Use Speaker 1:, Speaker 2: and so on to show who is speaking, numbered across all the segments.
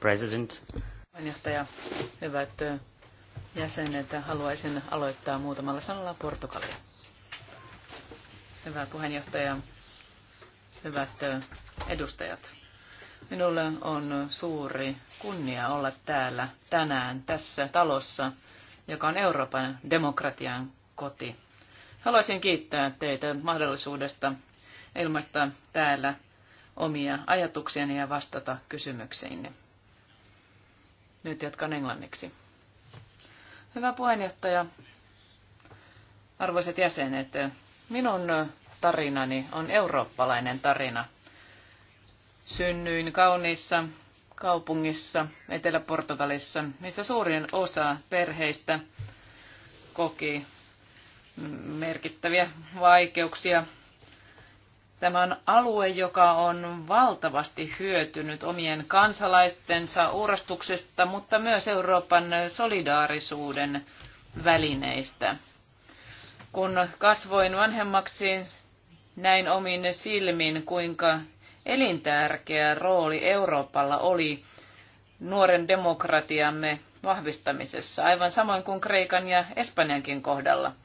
Speaker 1: President.
Speaker 2: Puheenjohtaja, hyvät jäsenet, haluaisin aloittaa muutamalla sanalla Portugalia. Hyvä puheenjohtaja, hyvät edustajat. Minulle on suuri kunnia olla täällä tänään tässä talossa, joka on Euroopan demokratian koti. Haluaisin kiittää teitä mahdollisuudesta ilmaista täällä omia ajatuksiani ja vastata kysymyksiinne. Nyt jatkan englanniksi. Hyvä puheenjohtaja, arvoisat jäsenet, minun tarinani on eurooppalainen tarina. Synnyin kauniissa kaupungissa Etelä-Portugalissa, missä suurin osa perheistä koki merkittäviä vaikeuksia Tämä on alue, joka on valtavasti hyötynyt omien kansalaistensa uurastuksesta, mutta myös Euroopan solidaarisuuden välineistä. Kun kasvoin vanhemmaksi, näin omin silmin, kuinka elintärkeä rooli Euroopalla oli nuoren demokratiamme vahvistamisessa, aivan samoin kuin Kreikan ja Espanjankin kohdalla –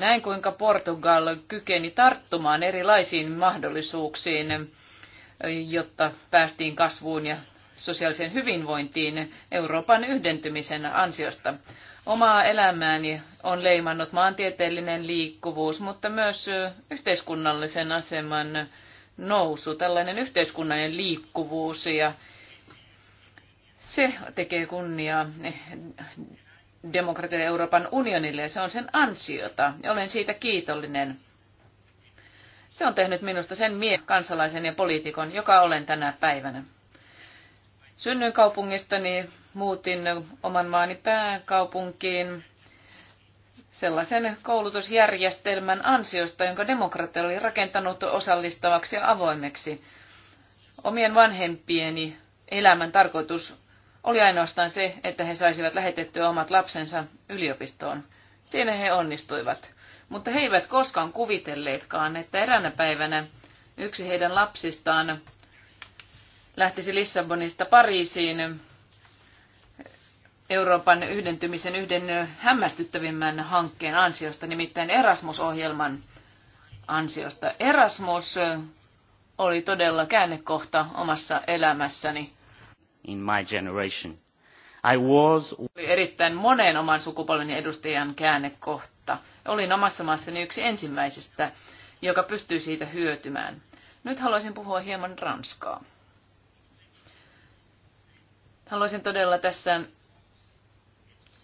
Speaker 2: näin kuinka Portugal kykeni tarttumaan erilaisiin mahdollisuuksiin, jotta päästiin kasvuun ja sosiaaliseen hyvinvointiin Euroopan yhdentymisen ansiosta. Omaa elämääni on leimannut maantieteellinen liikkuvuus, mutta myös yhteiskunnallisen aseman nousu, tällainen yhteiskunnallinen liikkuvuus ja se tekee kunniaa demokratia Euroopan unionille ja se on sen ansiota. ja Olen siitä kiitollinen. Se on tehnyt minusta sen mie kansalaisen ja poliitikon, joka olen tänä päivänä. Synnyin kaupungistani, muutin oman maani pääkaupunkiin sellaisen koulutusjärjestelmän ansiosta, jonka demokratia oli rakentanut osallistavaksi ja avoimeksi. Omien vanhempieni elämän tarkoitus oli ainoastaan se, että he saisivat lähetettyä omat lapsensa yliopistoon. Siinä he onnistuivat. Mutta he eivät koskaan kuvitelleetkaan, että eräänä päivänä yksi heidän lapsistaan lähtisi Lissabonista Pariisiin Euroopan yhdentymisen yhden hämmästyttävimmän hankkeen ansiosta, nimittäin Erasmus-ohjelman ansiosta. Erasmus oli todella käännekohta omassa elämässäni
Speaker 1: in my generation. I was... Oli
Speaker 2: erittäin monen oman sukupolven edustajan käännekohta. Olin omassa maassani yksi ensimmäisistä, joka pystyy siitä hyötymään. Nyt haluaisin puhua hieman ranskaa. Haluaisin todella tässä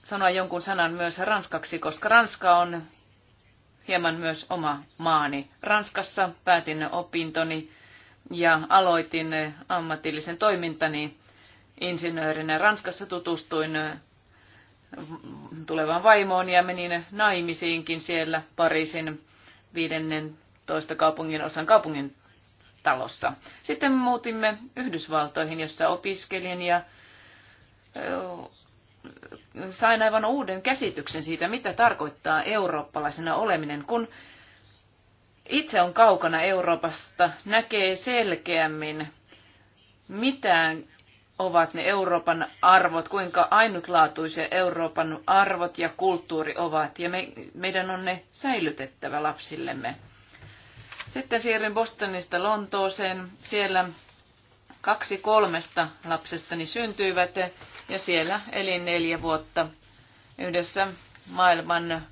Speaker 2: sanoa jonkun sanan myös ranskaksi, koska ranska on hieman myös oma maani. Ranskassa päätin opintoni ja aloitin ammatillisen toimintani insinöörinä Ranskassa tutustuin tulevaan vaimoon ja menin naimisiinkin siellä Pariisin 15 kaupungin osan kaupungin talossa. Sitten muutimme Yhdysvaltoihin, jossa opiskelin ja sain aivan uuden käsityksen siitä, mitä tarkoittaa eurooppalaisena oleminen, kun itse on kaukana Euroopasta, näkee selkeämmin, mitä ovat ne Euroopan arvot, kuinka ainutlaatuisia Euroopan arvot ja kulttuuri ovat, ja me, meidän on ne säilytettävä lapsillemme. Sitten siirryn Bostonista Lontooseen. Siellä kaksi kolmesta lapsestani syntyivät, ja siellä elin neljä vuotta yhdessä maailman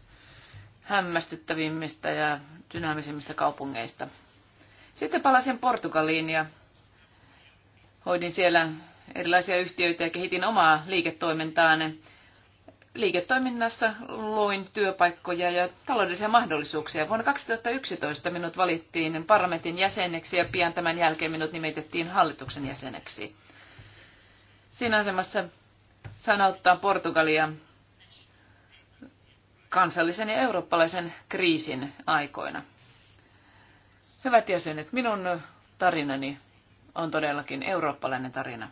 Speaker 2: hämmästyttävimmistä ja dynaamisimmista kaupungeista. Sitten palasin Portugaliin ja hoidin siellä erilaisia yhtiöitä ja kehitin omaa liiketoimintaani. Liiketoiminnassa luin työpaikkoja ja taloudellisia mahdollisuuksia. Vuonna 2011 minut valittiin parlamentin jäseneksi ja pian tämän jälkeen minut nimitettiin hallituksen jäseneksi. Siinä asemassa auttaa Portugalia kansallisen ja eurooppalaisen kriisin aikoina. Hyvät jäsenet, minun tarinani on todellakin eurooppalainen tarina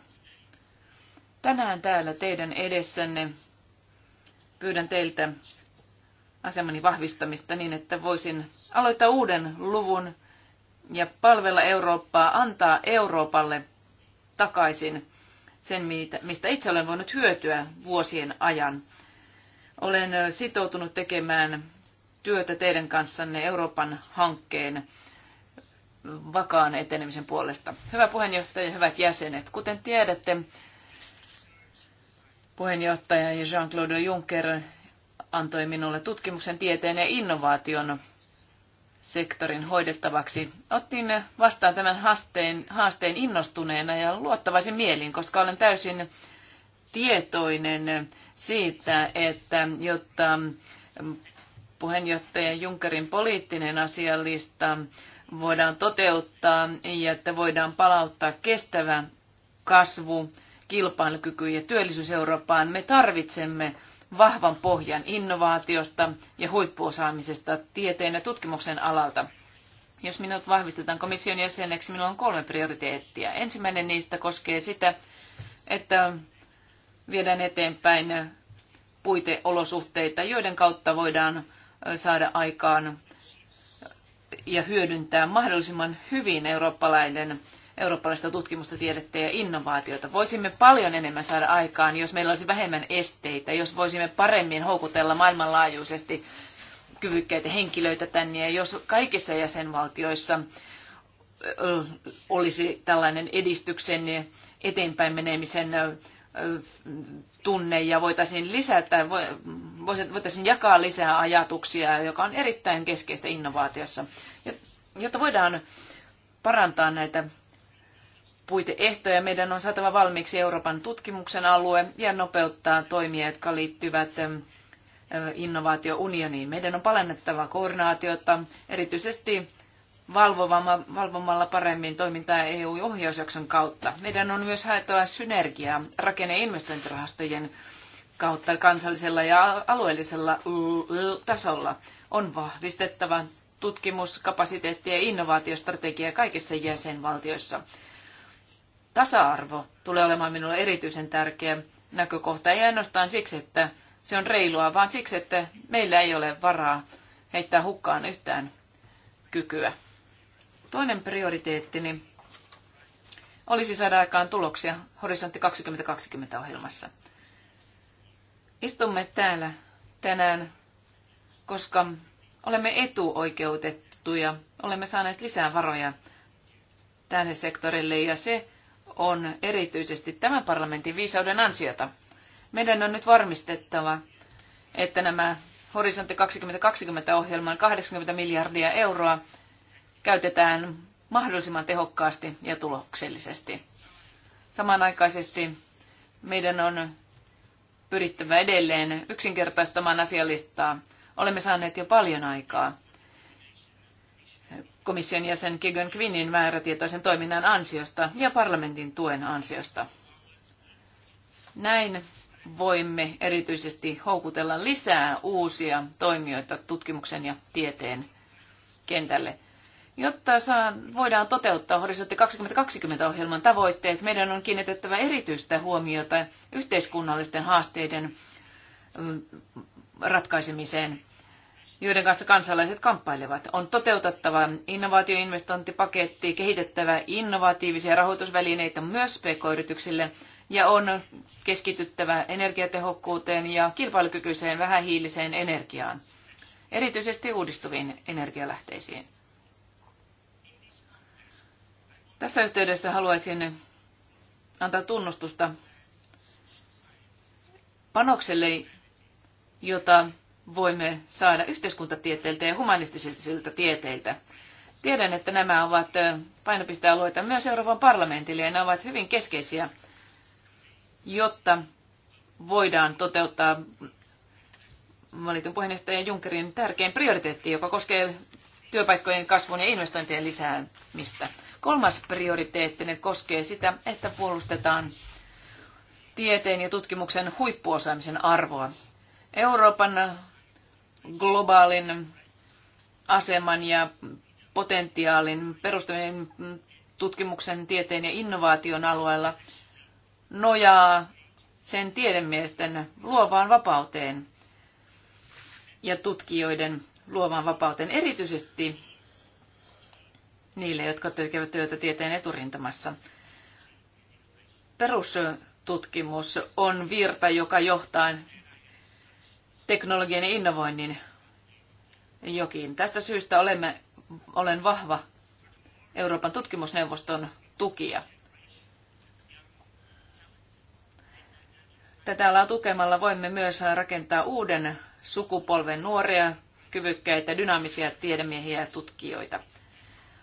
Speaker 2: tänään täällä teidän edessänne. Pyydän teiltä asemani vahvistamista niin, että voisin aloittaa uuden luvun ja palvella Eurooppaa, antaa Euroopalle takaisin sen, mistä itse olen voinut hyötyä vuosien ajan. Olen sitoutunut tekemään työtä teidän kanssanne Euroopan hankkeen vakaan etenemisen puolesta. Hyvä puheenjohtaja, hyvät jäsenet, kuten tiedätte, puheenjohtaja ja Jean-Claude Juncker antoi minulle tutkimuksen, tieteen ja innovaation sektorin hoidettavaksi. Otin vastaan tämän haasteen, haasteen innostuneena ja luottavaisin mielin, koska olen täysin tietoinen siitä, että jotta puheenjohtaja Junckerin poliittinen asialista voidaan toteuttaa ja että voidaan palauttaa kestävä kasvu kilpailukyky ja työllisyys Eurooppaan, me tarvitsemme vahvan pohjan innovaatiosta ja huippuosaamisesta tieteen ja tutkimuksen alalta. Jos minut vahvistetaan komission jäseneksi, minulla on kolme prioriteettia. Ensimmäinen niistä koskee sitä, että viedään eteenpäin puiteolosuhteita, joiden kautta voidaan saada aikaan ja hyödyntää mahdollisimman hyvin eurooppalainen eurooppalaista tutkimusta, tiedettä ja innovaatioita. Voisimme paljon enemmän saada aikaan, jos meillä olisi vähemmän esteitä, jos voisimme paremmin houkutella maailmanlaajuisesti kyvykkäitä henkilöitä tänne ja jos kaikissa jäsenvaltioissa olisi tällainen edistyksen eteenpäin menemisen tunne ja voitaisiin lisätä, voitaisiin jakaa lisää ajatuksia, joka on erittäin keskeistä innovaatiossa, jotta voidaan parantaa näitä puiteehtoja meidän on saatava valmiiksi Euroopan tutkimuksen alue ja nopeuttaa toimia, jotka liittyvät innovaatiounioniin. Meidän on palennettava koordinaatiota, erityisesti valvomalla paremmin toimintaa EU-ohjausjakson kautta. Meidän on myös haettava synergiaa rakenneinvestointirahastojen kautta kansallisella ja alueellisella tasolla. On vahvistettava tutkimuskapasiteettia ja innovaatiostrategiaa kaikissa jäsenvaltioissa. Tasa-arvo tulee olemaan minulle erityisen tärkeä näkökohta, ei ainoastaan siksi, että se on reilua, vaan siksi, että meillä ei ole varaa heittää hukkaan yhtään kykyä. Toinen prioriteettini olisi saada aikaan tuloksia Horisontti 2020 ohjelmassa. Istumme täällä tänään, koska olemme etuoikeutettuja, olemme saaneet lisää varoja tälle sektorille ja se on erityisesti tämän parlamentin viisauden ansiota. Meidän on nyt varmistettava, että nämä Horisontti 2020-ohjelman 80 miljardia euroa käytetään mahdollisimman tehokkaasti ja tuloksellisesti. Samanaikaisesti meidän on pyrittävä edelleen yksinkertaistamaan asialistaa. Olemme saaneet jo paljon aikaa komission jäsen Kigan Quinnin määrätietoisen toiminnan ansiosta ja parlamentin tuen ansiosta. Näin voimme erityisesti houkutella lisää uusia toimijoita tutkimuksen ja tieteen kentälle. Jotta voidaan toteuttaa Horisontti 2020-ohjelman tavoitteet, meidän on kiinnitettävä erityistä huomiota yhteiskunnallisten haasteiden mm, ratkaisemiseen joiden kanssa kansalaiset kamppailevat. On toteutettava innovaatioinvestointipaketti, kehitettävä innovatiivisia rahoitusvälineitä myös pk-yrityksille ja on keskityttävä energiatehokkuuteen ja kilpailukykyiseen vähähiiliseen energiaan, erityisesti uudistuviin energialähteisiin. Tässä yhteydessä haluaisin antaa tunnustusta panokselle, jota voimme saada yhteiskuntatieteiltä ja humanistisilta tieteiltä. Tiedän, että nämä ovat painopistealueita myös Euroopan parlamentille ja ne ovat hyvin keskeisiä, jotta voidaan toteuttaa valitun puheenjohtaja Junckerin tärkein prioriteetti, joka koskee työpaikkojen kasvun ja investointien lisäämistä. Kolmas prioriteettinen koskee sitä, että puolustetaan tieteen ja tutkimuksen huippuosaamisen arvoa. Euroopan globaalin aseman ja potentiaalin perustaminen tutkimuksen, tieteen ja innovaation alueella nojaa sen tiedemiesten luovaan vapauteen ja tutkijoiden luovaan vapauteen, erityisesti niille, jotka tekevät työtä tieteen eturintamassa. Perustutkimus on virta, joka johtaa teknologian ja innovoinnin jokin. Tästä syystä olemme, olen vahva Euroopan tutkimusneuvoston tukija. Tätä alaa tukemalla voimme myös rakentaa uuden sukupolven nuoria, kyvykkäitä, dynaamisia tiedemiehiä ja tutkijoita.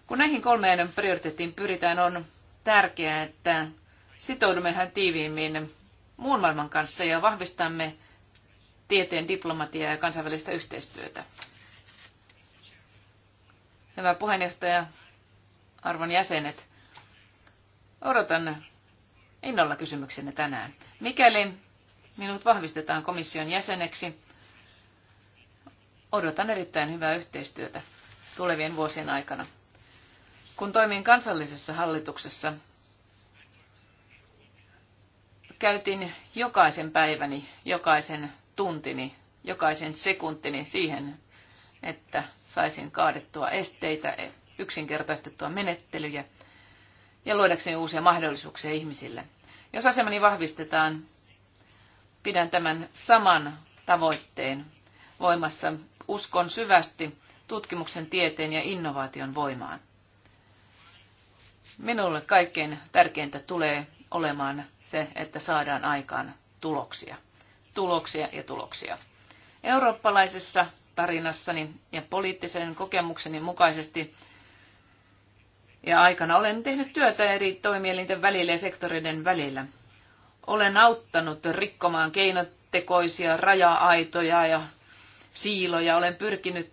Speaker 2: Kun näihin kolmeen prioriteettiin pyritään, on tärkeää, että sitoudumme tiiviimmin muun maailman kanssa ja vahvistamme tieteen diplomatiaa ja kansainvälistä yhteistyötä. Hyvä puheenjohtaja, arvon jäsenet, odotan innolla kysymyksenne tänään. Mikäli minut vahvistetaan komission jäseneksi, odotan erittäin hyvää yhteistyötä tulevien vuosien aikana. Kun toimin kansallisessa hallituksessa, käytin jokaisen päiväni, jokaisen tuntini, jokaisen sekuntini siihen, että saisin kaadettua esteitä, yksinkertaistettua menettelyjä ja luodakseni uusia mahdollisuuksia ihmisille. Jos asemani vahvistetaan, pidän tämän saman tavoitteen voimassa. Uskon syvästi tutkimuksen, tieteen ja innovaation voimaan. Minulle kaikkein tärkeintä tulee olemaan se, että saadaan aikaan tuloksia tuloksia ja tuloksia. Eurooppalaisessa tarinassani ja poliittisen kokemukseni mukaisesti ja aikana olen tehnyt työtä eri toimielinten välillä ja sektoreiden välillä. Olen auttanut rikkomaan keinotekoisia raja-aitoja ja siiloja. Olen pyrkinyt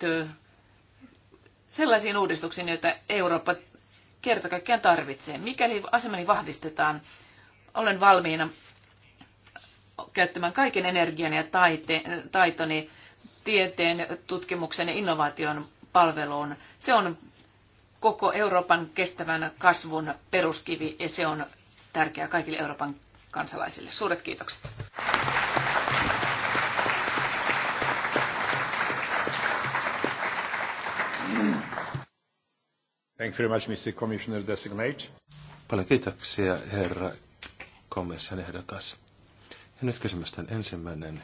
Speaker 2: sellaisiin uudistuksiin, joita Eurooppa kertakaikkiaan tarvitsee. Mikäli asemani vahvistetaan, olen valmiina käyttämään kaiken energian ja taiteen, taitoni tieteen, tutkimuksen ja innovaation palveluun. Se on koko Euroopan kestävän kasvun peruskivi ja se on tärkeää kaikille Euroopan kansalaisille. Suuret kiitokset. Thank you very much, Mr. Commissioner Designate.
Speaker 1: Paljon kiitoksia, herra komission ehdokas. Ja nyt tämän ensimmäinen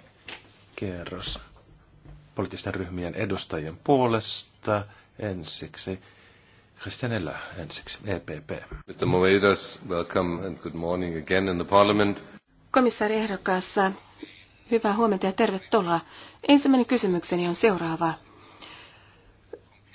Speaker 1: kierros poliittisten ryhmien edustajien puolesta ensiksi. Christianella ensiksi, EPP. Mr. Moedas, welcome and good morning again in the parliament.
Speaker 3: Komissaari ehdokkaassa, hyvää huomenta ja tervetuloa. Ensimmäinen kysymykseni on seuraava.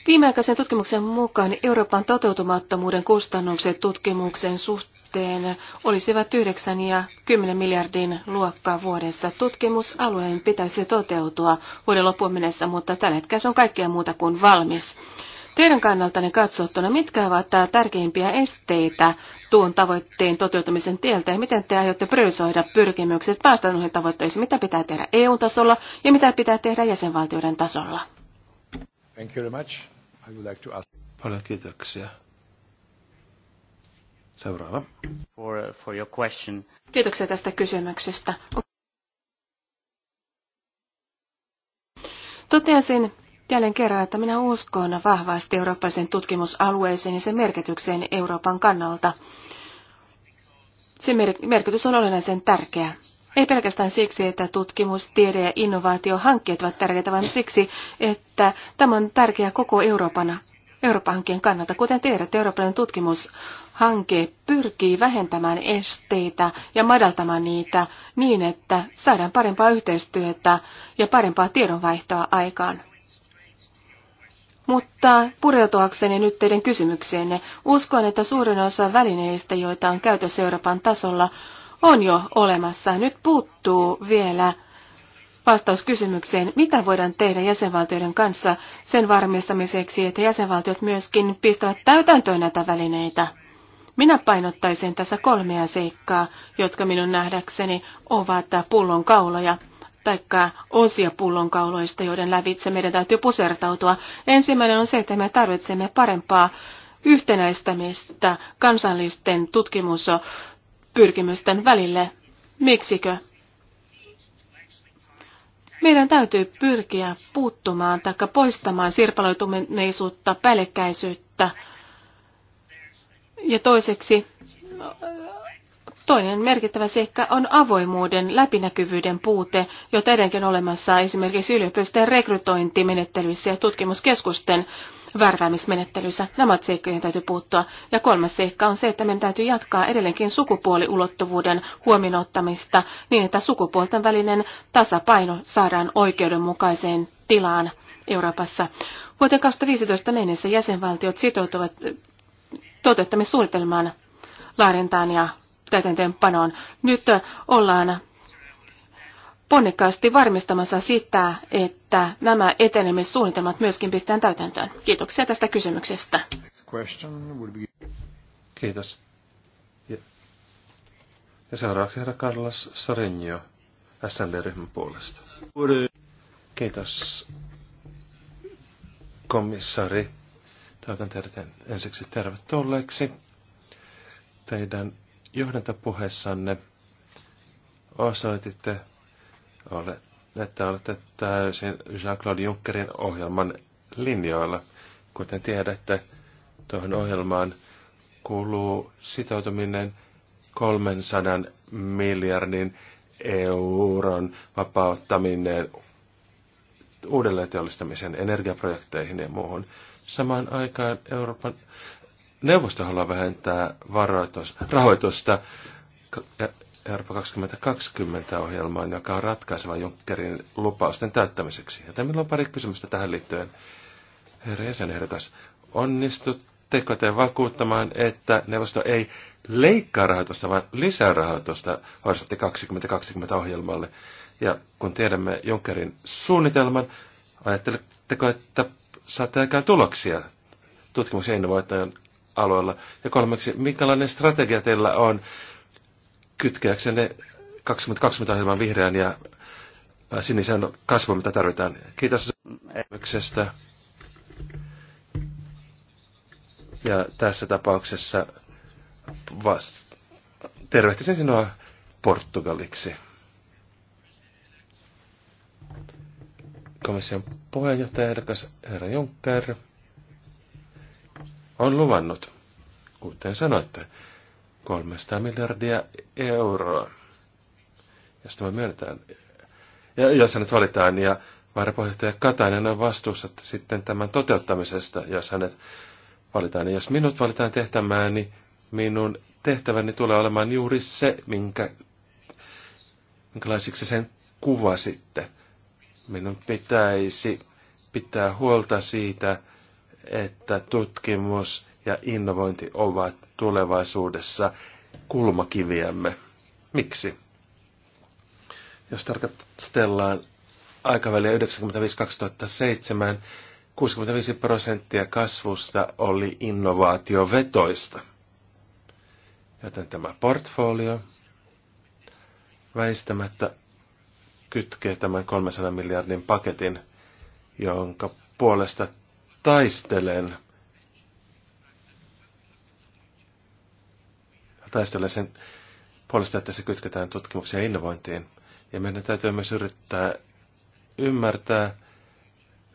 Speaker 3: Viimeaikaisen tutkimuksen mukaan Euroopan toteutumattomuuden kustannukset tutkimuksen suht suhteen olisivat 9 ja 10 miljardin luokkaa vuodessa. Tutkimusalueen pitäisi toteutua vuoden loppuun mennessä, mutta tällä hetkellä se on kaikkea muuta kuin valmis. Teidän kannaltanne katsottuna, mitkä ovat tärkeimpiä esteitä tuon tavoitteen toteutumisen tieltä ja miten te aiotte priorisoida pyrkimykset päästä noihin tavoitteisiin? Mitä pitää tehdä EU-tasolla ja mitä pitää tehdä jäsenvaltioiden tasolla?
Speaker 1: Thank you very much. I would like to ask... Paljon kiitoksia. Seuraava. For, uh, for your question.
Speaker 3: Kiitoksia tästä kysymyksestä. Toteasin jälleen kerran, että minä uskon vahvasti eurooppalaisen tutkimusalueeseen ja sen merkitykseen Euroopan kannalta. Sen merkitys on olennaisen tärkeä. Ei pelkästään siksi, että tutkimus, tiede ja innovaatio hankkeet ovat tärkeitä, vaan siksi, että tämä on tärkeä koko Euroopan Euroopan hankkeen kannalta. Kuten tiedätte, Euroopan tutkimushanke pyrkii vähentämään esteitä ja madaltamaan niitä niin, että saadaan parempaa yhteistyötä ja parempaa tiedonvaihtoa aikaan. Mutta pureutuakseni nyt teidän kysymykseenne, uskon, että suurin osa välineistä, joita on käytössä Euroopan tasolla, on jo olemassa. Nyt puuttuu vielä vastaus kysymykseen, mitä voidaan tehdä jäsenvaltioiden kanssa sen varmistamiseksi, että jäsenvaltiot myöskin pistävät täytäntöön näitä välineitä. Minä painottaisin tässä kolmea seikkaa, jotka minun nähdäkseni ovat pullonkauloja taikka osia pullonkauloista, joiden lävitse meidän täytyy pusertautua. Ensimmäinen on se, että me tarvitsemme parempaa yhtenäistämistä kansallisten tutkimuspyrkimysten välille. Miksikö? Meidän täytyy pyrkiä puuttumaan tai poistamaan sirpaloituneisuutta, päällekkäisyyttä. Ja toiseksi Toinen merkittävä seikka on avoimuuden läpinäkyvyyden puute, jota edelleenkin olemassa esimerkiksi yliopistojen rekrytointimenettelyissä ja tutkimuskeskusten värväämismenettelyssä. Nämä ovat seikkoihin täytyy puuttua. Ja kolmas seikka on se, että meidän täytyy jatkaa edelleenkin sukupuoliulottuvuuden huomioottamista niin, että sukupuolten välinen tasapaino saadaan oikeudenmukaiseen tilaan Euroopassa. Vuoteen 2015 mennessä jäsenvaltiot sitoutuvat toteuttamissuunnitelmaan laadintaan ja täytäntöönpanoon. Nyt ollaan ponnekkaasti varmistamassa sitä, että nämä etenemissuunnitelmat myöskin pistetään täytäntöön. Kiitoksia tästä kysymyksestä.
Speaker 1: Kiitos. Ja, ja seuraavaksi herra Carlos Sarenio smb ryhmän puolesta. Kiitos, komissari. Toivotan teidät ensiksi tervetulleeksi. Teidän johdantapuheessanne osoititte Olet, että olette täysin Jean-Claude Junckerin ohjelman linjoilla. Kuten tiedätte, tuohon ohjelmaan kuuluu sitoutuminen 300 miljardin euron vapauttaminen uudelleen teollistamisen energiaprojekteihin ja muuhun. Samaan aikaan Euroopan neuvosto haluaa vähentää rahoitusta Eurooppa 2020 ohjelmaan, joka on ratkaiseva Junckerin lupausten täyttämiseksi. Joten meillä on pari kysymystä tähän liittyen. Herra jäsenehdokas, onnistutteko te vakuuttamaan, että neuvosto ei leikkaa rahoitusta, vaan lisää rahoitusta Horisontti 2020 ohjelmalle? Ja kun tiedämme Junckerin suunnitelman, ajatteletteko, että saatte aikaan tuloksia tutkimus- ja innovaation alueella? Ja kolmeksi, minkälainen strategia teillä on kytkeäksenne 2020 ohjelman vihreän ja äh, sinisen kasvun, mitä tarvitaan. Kiitos kysymyksestä. Ja tässä tapauksessa vast... tervehtisin sinua portugaliksi. Komission puheenjohtaja ehdokas herra Juncker on luvannut, kuten sanoitte, 300 miljardia euroa. Ja sitten me myönnetään, ja jos hänet valitaan, ja varapuheenjohtaja Katainen on vastuussa sitten tämän toteuttamisesta, jos hänet valitaan. Ja jos minut valitaan tehtämään, niin minun tehtäväni tulee olemaan juuri se, minkä, minkälaisiksi sen kuva sitten Minun pitäisi pitää huolta siitä, että tutkimus ja innovointi ovat tulevaisuudessa kulmakiviämme. Miksi? Jos tarkastellaan aikaväliä 1995-2007, 65 prosenttia kasvusta oli innovaatiovetoista. Joten tämä portfolio väistämättä kytkee tämän 300 miljardin paketin, jonka puolesta taistelen – taistella sen puolesta, että se kytketään tutkimukseen ja innovointiin. Ja meidän täytyy myös yrittää ymmärtää,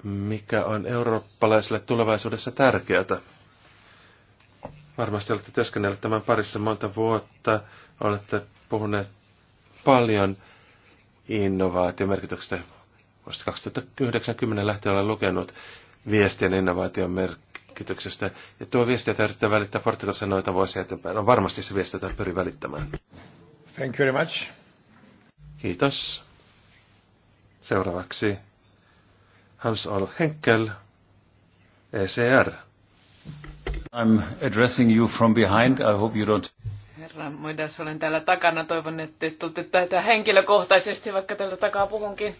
Speaker 1: mikä on eurooppalaiselle tulevaisuudessa tärkeää. Varmasti olette työskennelleet tämän parissa monta vuotta, olette puhuneet paljon innovaatiomerkityksestä. Vuodesta 2090 lähtien olen lukenut viestien innovaation merk- merkityksestä. Ja tuo viesti, jota yrittää välittää Portugalissa noita vuosia eteenpäin, on varmasti se viesti, jota pyri välittämään.
Speaker 2: Thank you very much.
Speaker 1: Kiitos. Seuraavaksi hans Ol Henkel, ECR. I'm addressing you from behind. I hope you don't...
Speaker 2: Herra Moidas, olen täällä takana. Toivon, että tulette tätä henkilökohtaisesti, vaikka täällä takaa puhunkin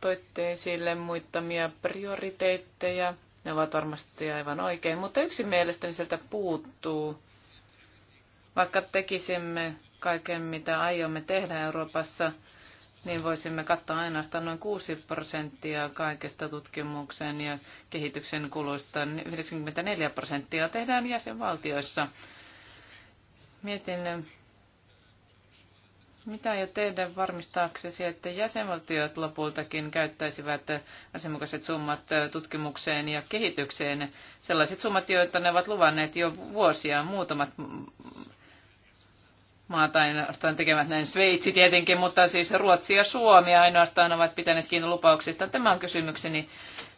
Speaker 2: toitte esille muittamia prioriteetteja. Ne ovat varmasti aivan oikein, mutta yksi mielestäni sieltä puuttuu. Vaikka tekisimme kaiken, mitä aiomme tehdä Euroopassa, niin voisimme kattaa ainoastaan noin 6 prosenttia kaikesta tutkimuksen ja kehityksen kuluista. 94 prosenttia tehdään jäsenvaltioissa. Mietin, mitä jo tehdä varmistaaksesi, että jäsenvaltiot lopultakin käyttäisivät asianmukaiset summat tutkimukseen ja kehitykseen? Sellaiset summat, joita ne ovat luvanneet jo vuosia. Muutamat maat ainoastaan tekevät näin. Sveitsi tietenkin, mutta siis Ruotsi ja Suomi ainoastaan ovat pitäneet kiinni lupauksista. Tämä on kysymykseni.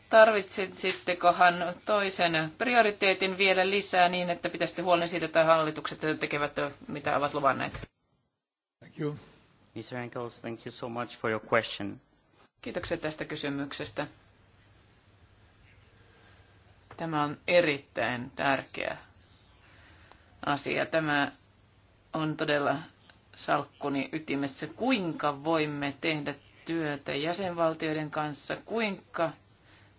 Speaker 2: Tarvitsisittekohan toisen prioriteetin vielä lisää niin, että pitäisitte huolen siitä, että hallitukset tekevät mitä ovat luvanneet?
Speaker 1: you. Mr. Engels, thank you so much for your question.
Speaker 2: Kiitoksia tästä kysymyksestä. Tämä on erittäin tärkeä asia. Tämä on todella salkkuni ytimessä, kuinka voimme tehdä työtä jäsenvaltioiden kanssa, kuinka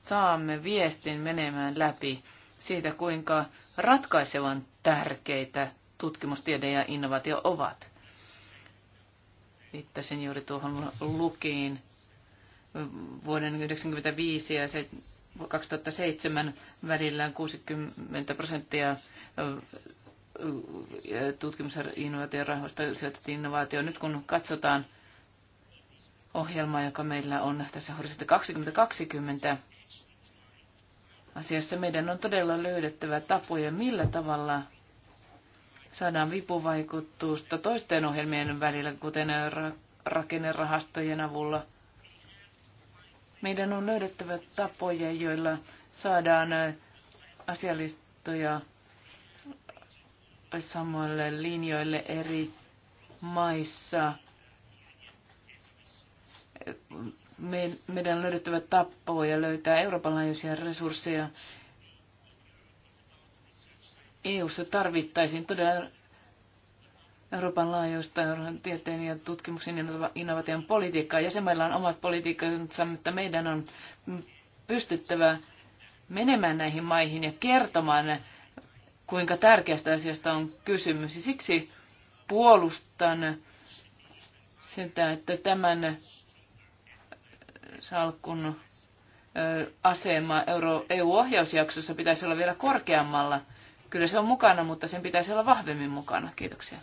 Speaker 2: saamme viestin menemään läpi siitä, kuinka ratkaisevan tärkeitä tutkimustiede ja innovaatio ovat. Viittasin juuri tuohon lukiin vuoden 1995 ja 2007 välillä 60 prosenttia tutkimus- ja innovaatiorahoista sijoitettiin innovaatioon. Nyt kun katsotaan ohjelmaa, joka meillä on tässä horisontti 2020 asiassa, meidän on todella löydettävä tapoja, millä tavalla saadaan vipuvaikutusta toisten ohjelmien välillä, kuten rakennerahastojen avulla. Meidän on löydettävä tapoja, joilla saadaan asialistoja samoille linjoille eri maissa. Me, meidän on löydettävä tapoja löytää Euroopan laajuisia resursseja EU-ssa tarvittaisiin todella Euroopan laajuista tieteen ja tutkimuksen ja innovaation politiikkaa. Jäsenmailla on omat politiikkansa, mutta meidän on pystyttävä menemään näihin maihin ja kertomaan, kuinka tärkeästä asiasta on kysymys. Ja siksi puolustan sitä, että tämän salkun asema EU-ohjausjaksossa e pitäisi olla vielä korkeammalla. Kyllä se on mukana, mutta sen pitäisi olla vahvemmin mukana. Kiitoksia.